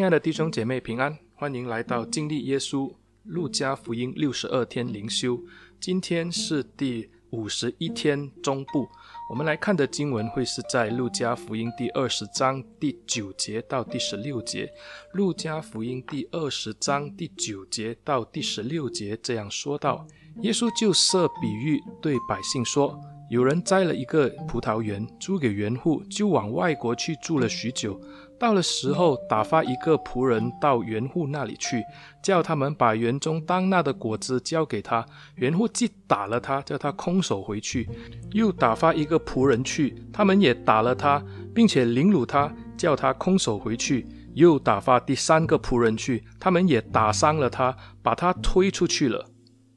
親愛的弟兄姐妹平安，歡迎來到經歷耶穌路加福音六十二天靈修。今天是第五十一天中部，我們來看的經文會是在路加福音第二十章第九節到第十六節。路加福音第二十章第九節到第十六節這樣說道：“耶穌就設比喻對百姓說。”有人栽了一個葡萄園，租給園戶，就往外國去住了許久。到了時候，打發一個僕人到園戶那裡去，叫他們把園中當納的果子交給他。園戶既打了他，叫他空手回去；又打發一個僕人去，他們也打了他，並且凌辱他，叫他空手回去。又打發第三個僕人去，他們也打傷了他，把他推出去了。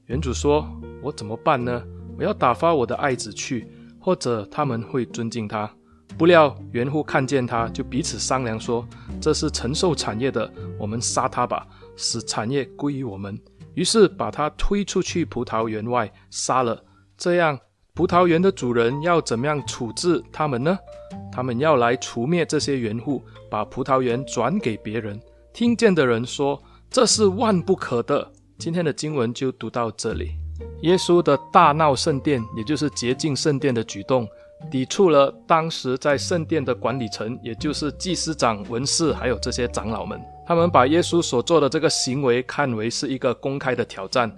園主說：“我怎麼辦呢？”我要打發我的愛子去，或者他們會尊敬他。不料園戶看見他，就彼此商量說：“這是承受產業的，我們殺他吧，使產業歸於我們。”於是把他推出去葡萄園外殺了。這樣，葡萄園的主人要怎麼樣處置他們呢？他們要來除滅這些園戶，把葡萄園轉給別人。聽見的人說：“這是萬不可的。”今天的經文就讀到這裡。耶穌的大鬧聖殿，也就是潔淨聖殿的舉動，抵觸了當時在聖殿的管理層，也就是祭司長、文士，還有這些長老們。他們把耶穌所做的這個行為看為是一個公開的挑戰，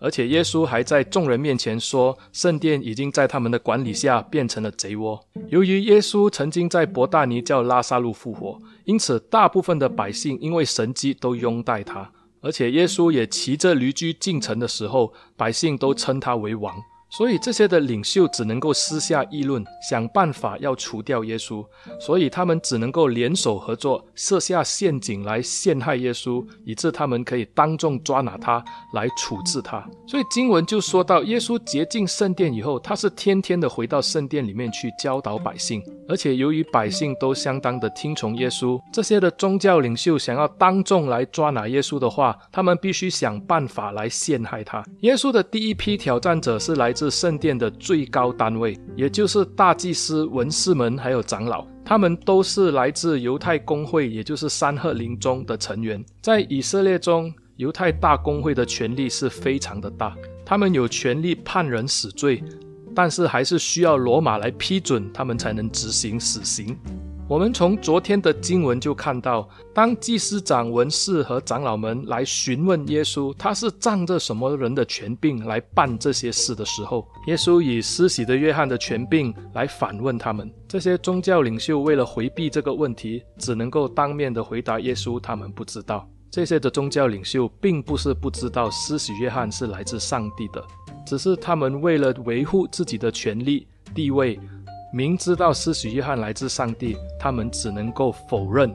而且耶穌還在眾人面前說，聖殿已經在他們的管理下變成了賊窩。由於耶穌曾經在伯大尼叫拉撒路復活，因此大部分的百姓因為神蹟都擁戴他。而且耶穌也騎着驢駒進城的時候，百姓都稱他為王。所以這些的領袖只能夠私下議論，想辦法要除掉耶穌，所以他們只能夠聯手合作，設下陷阱來陷害耶穌，以致他們可以當眾抓拿他來處置他。所以經文就說到，耶穌潔淨聖殿以後，他是天天的回到聖殿裡面去教導百姓，而且由於百姓都相當的聽從耶穌，這些的宗教領袖想要當眾來抓拿耶穌的話，他們必須想辦法來陷害他。耶穌的第一批挑戰者是來自。是聖殿的最高單位，也就是大祭司、文士們，還有長老，他們都是來自猶太公會，也就是三合林中的成員。在以色列中，猶太大公會的權力是非常的大，他們有權利判人死罪，但是還是需要羅馬來批准，他們才能執行死刑。我們從昨天的經文就看到，當祭司長、文士和長老們來詢問耶穌，他是仗着什麼人的權柄來辦這些事的時候，耶穌以施洗的約翰的權柄來反問他們。這些宗教領袖為了回避這個問題，只能夠當面的回答耶穌，他們不知道。這些的宗教領袖並不是不知道施洗約翰是來自上帝的，只是他們為了維護自己的權利地位。明知道施洗約翰來自上帝，他們只能夠否認。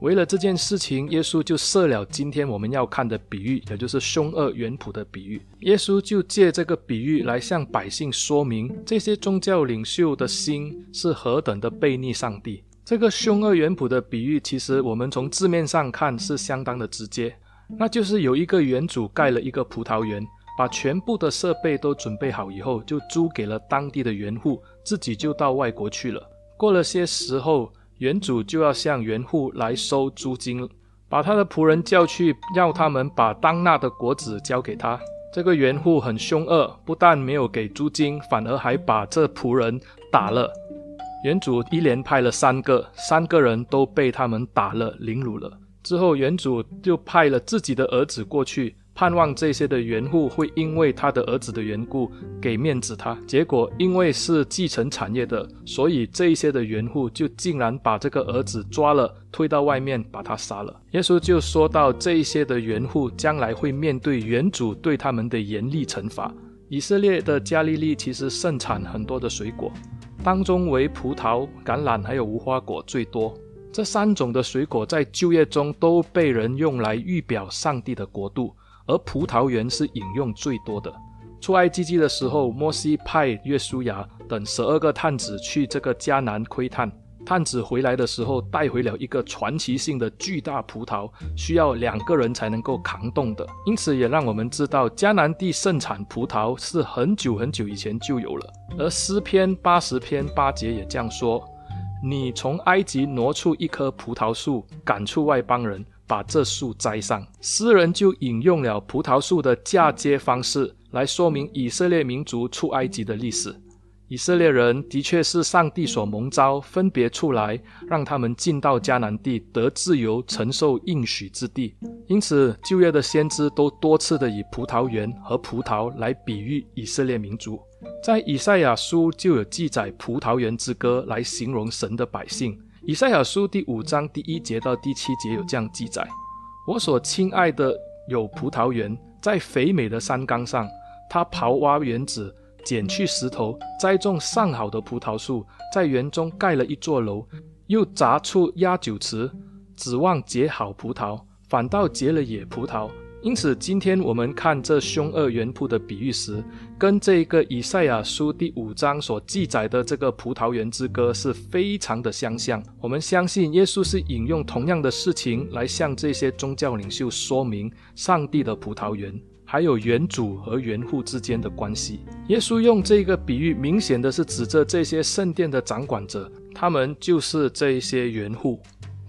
為了這件事情，耶穌就設了今天我們要看的比喻，也就是兇惡園圃的比喻。耶穌就借這個比喻來向百姓說明這些宗教領袖的心是何等的悖逆上帝。這個兇惡園圃的比喻，其實我們從字面上看是相當的直接，那就是有一個園主蓋了一個葡萄園，把全部的設備都準備好以後，就租給了當地的園戶。自己就到外國去了。過了些時候，園主就要向園戶來收租金，把他的僕人叫去，要他們把當納的果子交給他。這個園戶很凶惡，不但沒有給租金，反而還把這僕人打了。園主一連派了三個，三個人都被他們打了，凌辱了。之後，園主就派了自己的兒子過去。盼望這些的園戶會因為他的兒子的緣故給面子他，結果因為是繼承產業的，所以這一些的園戶就竟然把這個兒子抓了，推到外面把他殺了。耶穌就說到這一些的園戶將來會面對園主對他們的嚴厲懲罰。以色列的加利利其實盛產很多的水果，當中為葡萄、橄欖還有無花果最多。這三種的水果在舊約中都被人用來預表上帝的國度。而葡萄園是引用最多的。出埃及記的時候，摩西派約書亞等十二個探子去這個迦南窺探。探子回來的時候，帶回了一個傳奇性的巨大葡萄，需要兩個人才能夠扛動的。因此，也讓我們知道迦南地盛產葡萄是很久很久以前就有了。而詩篇八十篇八節也這樣說：“你從埃及挪出一棵葡萄樹，趕出外邦人。”把這樹栽上，詩人就引用了葡萄樹的嫁接方式來說明以色列民族出埃及的歷史。以色列人的確是上帝所蒙召，分別出來，讓他們進到迦南地，得自由，承受應許之地。因此，舊約的先知都多次的以葡萄園和葡萄來比喻以色列民族。在以賽亞書就有記載《葡萄園之歌》，來形容神的百姓。以賽亞書第五章第一節到第七節有這樣記載：我所親愛的有葡萄園，在肥美的山岡上。他刨挖園子，撿去石頭，栽種上好的葡萄樹，在園中蓋了一座樓，又鑿出壓酒池，指望結好葡萄，反倒結了野葡萄。因此，今天我們看這凶惡園戶的比喻時，跟這個以賽亞書第五章所記載的這個葡萄園之歌是非常的相像。我們相信耶穌是引用同樣的事情來向這些宗教領袖說明上帝的葡萄園，還有園主和園戶之間的關係。耶穌用這個比喻，明顯的是指着這些聖殿的掌管者，他們就是這些園戶。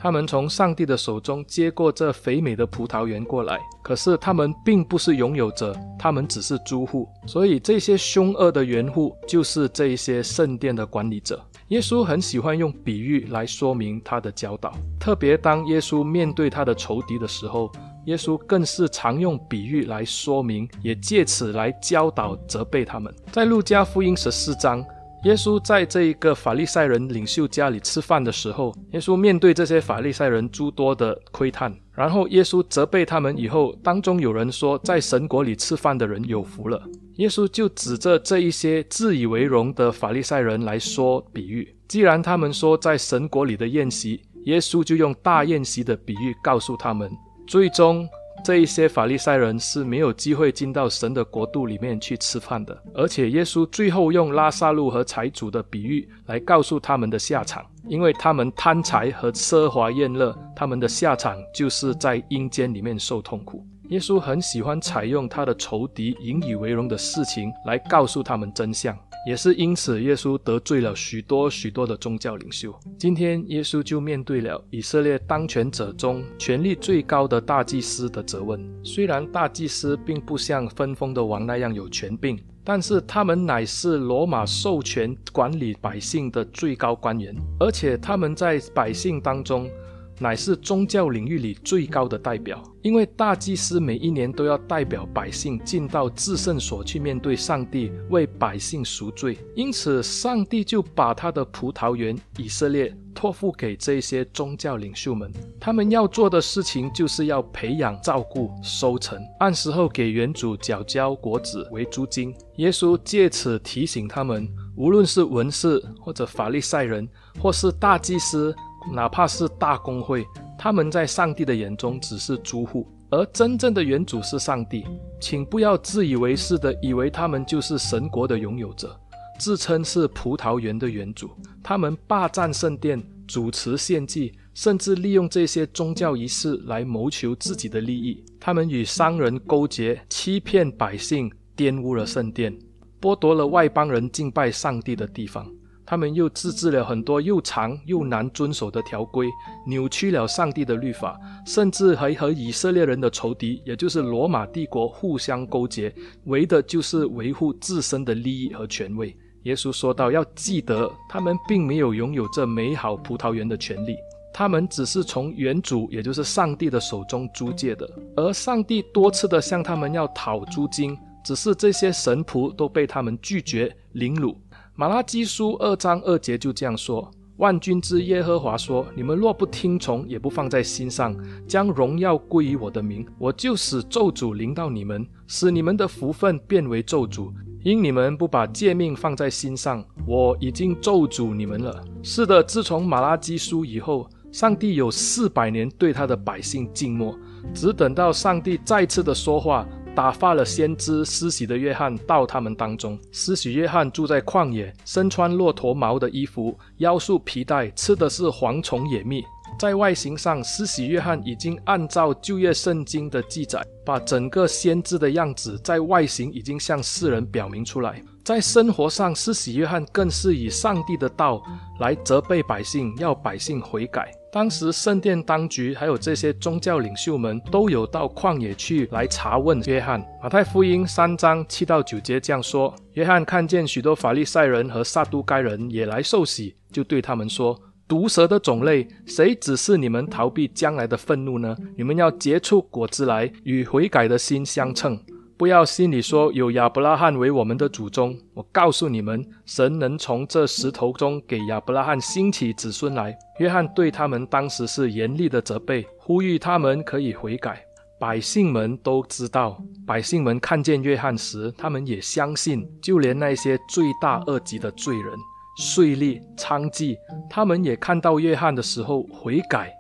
他們從上帝的手中接過這肥美的葡萄園過來，可是他們並不是擁有者，他們只是租戶。所以這些凶惡的園戶就是這些聖殿的管理者。耶穌很喜歡用比喻來說明他的教導，特別當耶穌面對他的仇敵的時候，耶穌更是常用比喻來說明，也借此來教導、責備他們。在路加福音十四章，耶穌在這一個法利賽人領袖家裡吃飯的時候，耶穌面對這些法利賽人諸多的窺探，然後耶穌責備他們以後，當中有人說在神國裡吃飯的人有福了，耶穌就指着這一些自以為榮的法利賽人來說比喻，既然他們說在神國裡的宴席，耶穌就用大宴席的比喻告訴他們，最終，這一些法利賽人是沒有機會進到神的國度裡面去吃飯的，而且耶穌最後用拉撒路和財主的比喻來告訴他們的下場，因為他們貪財和奢華宴樂，他們的下場就是在陰間裡面受痛苦。耶穌很喜歡採用他的仇敵引以為榮的事情來告訴他們真相。也是因此，耶穌得罪了許多許多的宗教領袖。今天，耶穌就面對了以色列當權者中權力最高的大祭司的責問。雖然大祭司並不像分封的王那樣有權柄，但是他們乃是羅馬授權管理百姓的最高官員，而且他們在百姓當中。乃是宗教領域裡最高的代表，因為大祭司每一年都要代表百姓進到至聖所去面對上帝，為百姓贖罪，因此上帝就把他的葡萄園以色列託付給這些宗教領袖們。他們要做的事情就是要培養、照顧、收成，按時候給園主繳交果子為租金。耶穌借此提醒他們，無論是文士或者法利賽人，或是大祭司。哪怕是大公會，他們在上帝的眼中只是租戶，而真正的園主是上帝。請不要自以為是的以為他們就是神國的擁有者，自稱是葡萄園的園主。他們霸占聖殿，主持獻祭，甚至利用這些宗教儀式來謀求自己的利益。他們與商人勾結，欺騙百姓，玷污了聖殿，剝奪了外邦人敬拜上帝的地方。他們又自製了很多又長又難遵守的條規，扭曲了上帝的律法，甚至還和以色列人的仇敵，也就是羅馬帝國互相勾結，為的就是維護自身的利益和權位。耶穌說道：「要記得，他們並沒有擁有這美好葡萄園的權利，他們只是從園主，也就是上帝的手中租借的。而上帝多次的向他們要討租金，只是這些神僕都被他們拒絕凌辱。」馬拉基書二章二節就這樣說：“萬軍之耶和華說，你們若不聽從，也不放在心上，將榮耀歸於我的名，我就使咒詛臨到你們，使你們的福分變為咒詛，因你們不把誡命放在心上。我已經咒詛你們了。是的，自從馬拉基書以後，上帝有四百年對他的百姓靜默，只等到上帝再次的說話。”打發了先知施洗的約翰到他們當中。施洗約翰住在曠野，身穿駱駝毛的衣服，腰束皮帶，吃的是蝗蟲野蜜。在外形上，施洗約翰已經按照舊約聖經的記載，把整個先知的樣子在外形已經向世人表明出來。在生活上，施洗約翰更是以上帝的道來責備百姓，要百姓悔改。當時聖殿當局還有這些宗教領袖們，都有到曠野去來查問約翰。馬太福音三章七到九節這樣說：約翰看見許多法利賽人和撒都該人也來受洗，就對他們說：“毒蛇的種類，誰指示你們逃避將來的憤怒呢？你們要結出果子來，與悔改的心相稱。”不要心裡說有亞伯拉罕為我們的祖宗。我告訴你們，神能從這石頭中給亞伯拉罕興起子孫來。約翰對他們當時是嚴厲的責備，呼籲他們可以悔改。百姓們都知道，百姓們看見約翰時，他們也相信。就連那些罪大惡極的罪人、稅吏、娼妓，他們也看到約翰的時候悔改。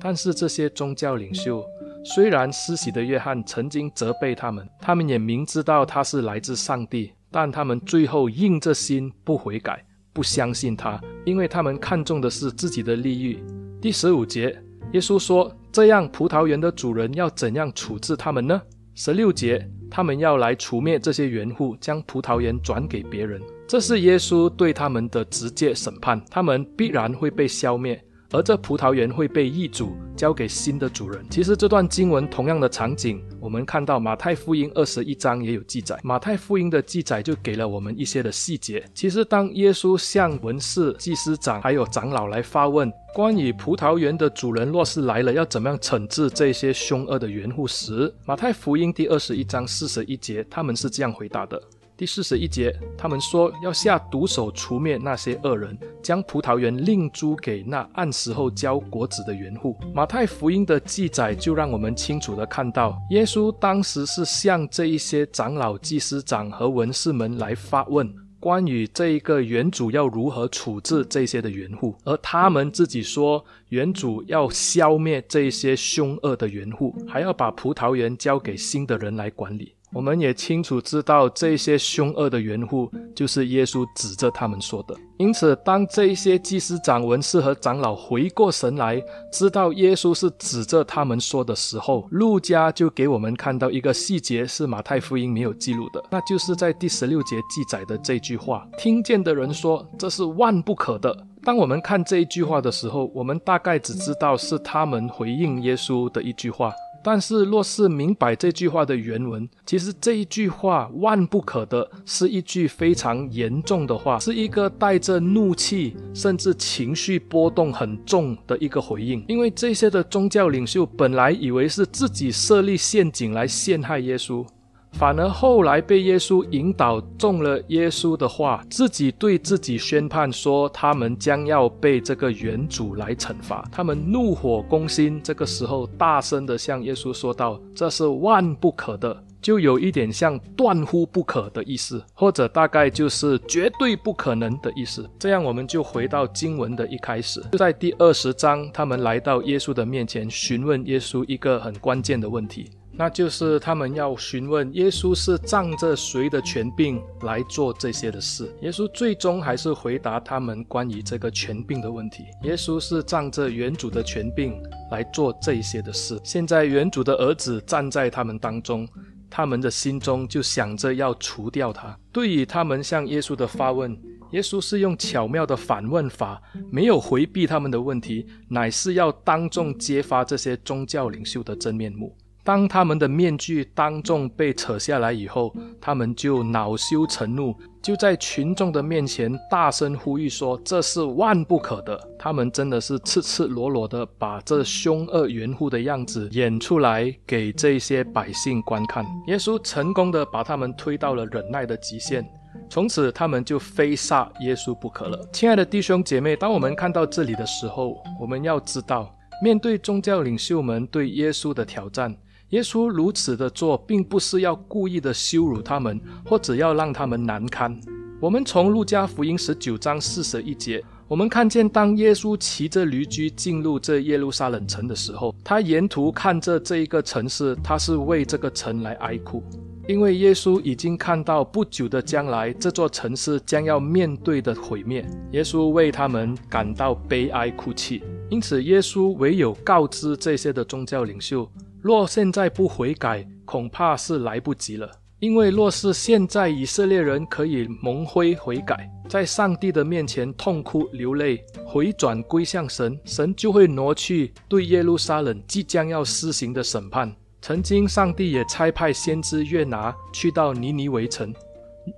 但是這些宗教領袖。雖然施洗的約翰曾經責備他們，他們也明知道他是來自上帝，但他們最後硬着心不悔改，不相信他，因為他們看重的是自己的利益。第十五節，耶穌說：“這樣，葡萄園的主人要怎樣處置他們呢？”十六節，他們要來除滅這些園戶，將葡萄園轉給別人。這是耶穌對他們的直接審判，他們必然會被消滅。而這葡萄園會被易主，交給新的主人。其實這段經文同樣的場景，我們看到馬太福音二十一章也有記載。馬太福音的記載就給了我們一些的細節。其實當耶穌向文士、祭司長還有長老來發問，關於葡萄園的主人若是來了，要怎麼樣懲治這些兇惡的園戶時，馬太福音第二十一章四十一節，他們是這樣回答的。第四十一節，他們說要下毒手除滅那些惡人，將葡萄園另租給那按時候交果子的園戶。馬太福音的記載就讓我們清楚地看到，耶穌當時是向這一些長老、祭司長和文士們來發問，關於這一個園主要如何處置這些的園戶，而他們自己說，園主要消滅這些兇惡的園戶，還要把葡萄園交給新的人來管理。我們也清楚知道這些兇惡的園戶，就是耶穌指着他們說的。因此，當這些祭司長、文士和長老回過神來，知道耶穌是指着他們說的時候，路加就給我們看到一個細節，是馬太福音沒有記錄的，那就是在第十六節記載的這句話：“聽見的人說，這是萬不可的。”當我們看這一句話的時候，我們大概只知道是他們回應耶穌的一句話。但是，若是明白這句話的原文，其實這一句話萬不可的，是一句非常嚴重的話，是一個帶着怒氣甚至情緒波動很重的一個回應。因為這些的宗教領袖本來以為是自己設立陷阱來陷害耶穌。反而後來被耶穌引導，中了耶穌的話，自己對自己宣判說，他們將要被這個園主來懲罰。他們怒火攻心，這個時候大聲地向耶穌說道：“這是萬不可的。”就有一點像斷乎不可的意思，或者大概就是絕對不可能的意思。這樣我們就回到經文的一開始，就在第二十章，他們來到耶穌的面前，詢問耶穌一個很關鍵的問題。那就是他們要詢問耶穌是仗着誰的權柄來做這些的事。耶穌最終還是回答他們關於這個權柄的問題。耶穌是仗着園主的權柄來做這些的事。現在園主的兒子站在他們當中，他們的心中就想着要除掉他。對於他們向耶穌的發問，耶穌是用巧妙的反問法，沒有回避他們的問題，乃是要當眾揭發這些宗教領袖的真面目。當他們的面具當眾被扯下來以後，他們就惱羞成怒，就在群眾的面前大聲呼籲說：“這是萬不可的！”他們真的是赤赤裸裸的把這兇惡園戶的樣子演出來給這些百姓觀看。耶穌成功地把他們推到了忍耐的極限，從此他們就非殺耶穌不可了。親愛的弟兄姐妹，當我們看到這裡的時候，我們要知道，面對宗教領袖們對耶穌的挑戰。耶穌如此的做，並不是要故意的羞辱他們，或者要讓他們難堪。我們從路加福音十九章四十一節，我們看見，當耶穌騎着驢駒進入這耶路撒冷城的時候，他沿途看着這一個城市，他是為這個城來哀哭，因為耶穌已經看到不久的將來，這座城市將要面對的毀滅。耶穌為他們感到悲哀哭泣，因此耶穌唯有告知這些的宗教領袖。若現在不悔改，恐怕是來不及了。因為若是現在以色列人可以蒙灰悔改，在上帝的面前痛哭流淚，回轉歸向神，神就會挪去對耶路撒冷即將要施行的審判。曾經上帝也差派先知約拿去到尼尼微城，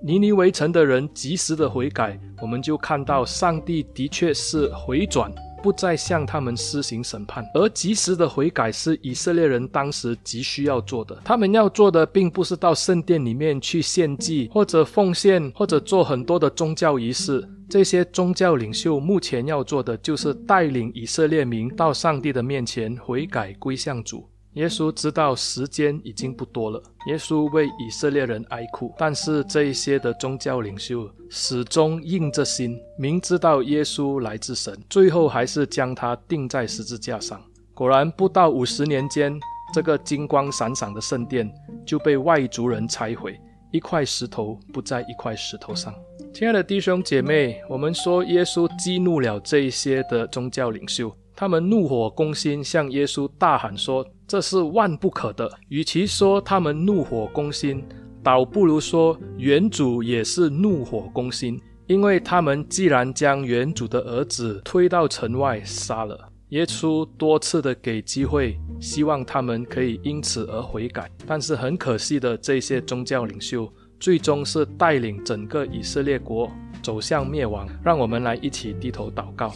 尼尼微城的人及時的悔改，我們就看到上帝的確是回轉。不再向他們施行審判，而及時的悔改是以色列人當時急需要做的。他們要做的，並不是到聖殿裡面去獻祭，或者奉獻，或者做很多的宗教儀式。這些宗教領袖目前要做的，就是帶領以色列民到上帝的面前悔改歸向主。耶穌知道時間已經不多了，耶穌為以色列人哀哭，但是這一些的宗教領袖始終硬着心，明知道耶穌來自神，最後還是將他釘在十字架上。果然，不到五十年間，這個金光閃閃的聖殿就被外族人拆毀，一塊石頭不在一塊石頭上。親愛的弟兄姐妹，我們說耶穌激怒了這一些的宗教領袖，他們怒火攻心，向耶穌大喊說。這是萬不可的。與其說他們怒火攻心，倒不如說園主也是怒火攻心。因為他們既然將園主的兒子推到城外殺了，耶穌多次的給機會，希望他們可以因此而悔改。但是很可惜的，這些宗教領袖最終是帶領整個以色列國走向滅亡。讓我們來一起低頭禱告。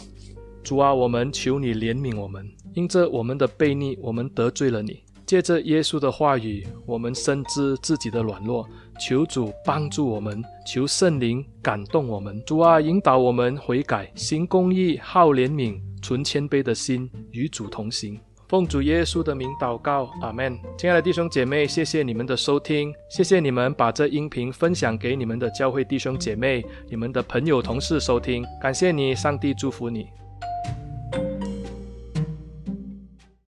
主啊，我們求你憐憫我們，因着我們的悖逆，我們得罪了你。借着耶穌的話語，我們深知自己的軟弱，求主幫助我們，求聖靈感動我們。主啊，引導我們悔改，行公義，好憐憫，存謙卑的心，與主同行。奉主耶穌的名禱告，阿門。親愛的弟兄姐妹，謝謝你們的收聽，謝謝你們把這音頻分享給你們的教會弟兄姐妹、你們的朋友、同事收聽。感謝你，上帝祝福你。